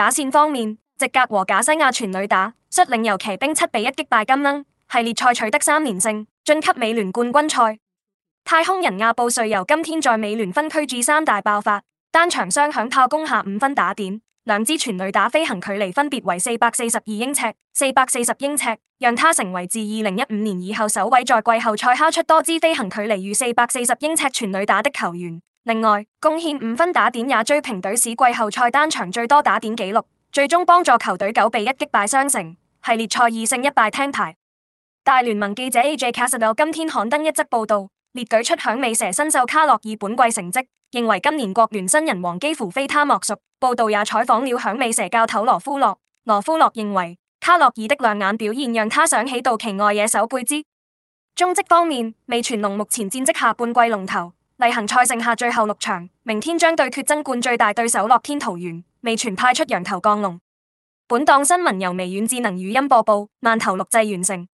打線方面，席格和賈西亞全壘打，率領遊騎兵七比一擊敗金鶯，系列賽取得三連勝，晉級美聯冠軍賽。太空人阿布瑞尤今天在美聯分區戰三大爆發，單場雙響炮攻下五分打點，兩支全壘打飛行距離分別為四百四十二英尺、四百四十英尺，讓他成為自二零一五年以後首位在季後賽敲出多支飛行距離逾四百四十英尺全壘打的球員。另外，貢獻五分打點也追平隊史季後賽單場最多打點紀錄，最終幫助球隊九比一擊敗雙城，系列賽二勝一敗聽牌。大聯盟記者 AJ 卡什勒今天刊登一則報道，列舉出響尾蛇新秀卡洛爾本季成績，認為今年國聯新人王幾乎非他莫屬。報道也採訪了響尾蛇教頭羅夫洛，羅夫洛認為卡洛爾的亮眼表現讓他想起到期外野手貝茲。中職方面，味全龍目前戰績下半季龍頭。例行賽剩下最後六場，明天將對決爭冠最大對手樂天桃猿，未全派出羊頭降龍。本檔新聞由微軟智能語音播報，慢投錄製完成。